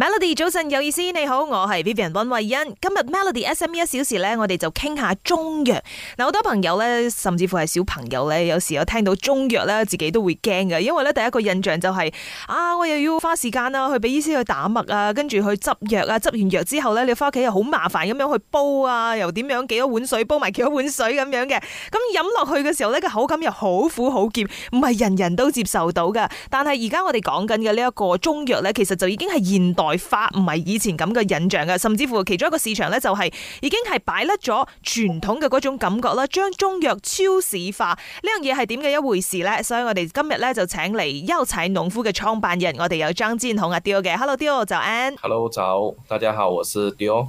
Melody 早晨有意思，你好，我係 Vivian 溫慧欣。今日 Melody SME 一小時咧，我哋就傾下中藥。嗱，好多朋友咧，甚至乎係小朋友咧，有時有聽到中藥咧，自己都會驚嘅，因為咧第一個印象就係、是、啊，我又要花時間啦，去俾醫師去打脈啊，跟住去執藥啊，執完藥之後咧，你翻屋企又好麻煩咁樣去煲啊，又點樣幾多碗水煲埋幾多碗水咁樣嘅，咁飲落去嘅時候咧，個口感又好苦好澀，唔係人人都接受到噶。但係而家我哋講緊嘅呢一個中藥咧，其實就已經係現代化唔係以前咁嘅印象嘅，甚至乎其中一個市場呢，就係已經係擺甩咗傳統嘅嗰種感覺啦，將中藥超市化呢樣嘢係點嘅一回事呢？所以我哋今日呢，就請嚟悠彩農夫嘅創辦人，我哋有張堅雄阿雕嘅，Hello Dio 就 Ann，Hello 早！大家好，我是 Dio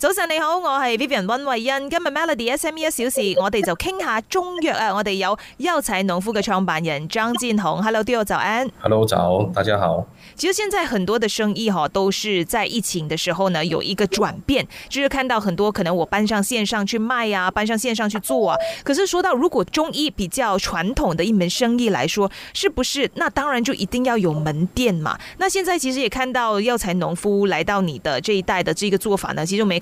早晨你好，我係 Vivian 溫慧欣，今日 Melody S M E 一小時，我哋就傾下中藥啊！我哋有藥材農夫嘅創辦人張志紅，Hello，Dear，早安，Hello，早，大家好。其實現在很多的生意哈，都是在疫情的時候呢，有一個轉變，就是看到很多可能我搬上線上去賣啊，搬上線上去做。啊。可是說到如果中醫比較傳統的一門生意來說，是不是？那當然就一定要有門店嘛。那現在其實也看到藥材農夫來到你的這一代的這個做法呢，其實沒.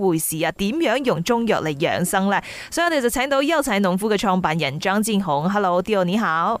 回事啊？點樣用中藥嚟養生呢？所以我哋就請到悠采農夫嘅創辦人張志紅。Hello，Dio，你好。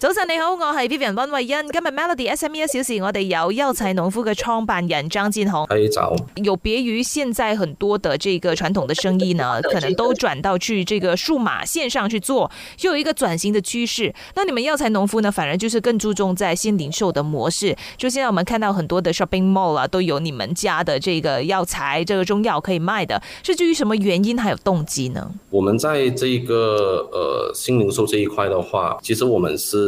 早晨你好，我係 Vivian 溫慧欣。今日 Melody SME 一小時，我哋由藥材農夫嘅創辦人張志紅。早。有別於現在很多的這個傳統的生意呢，可能都轉到去這個數碼線上去做，有一個轉型的趨勢。那你們藥材農夫呢，反而就是更注重在新零售的模式。就現在我們看到很多的 shopping mall 啊，都有你們家的這個藥材、這個中藥可以賣的，是基於什麼原因還有動機呢？我們在這個，呃，新零售這一塊的話，其實我們是。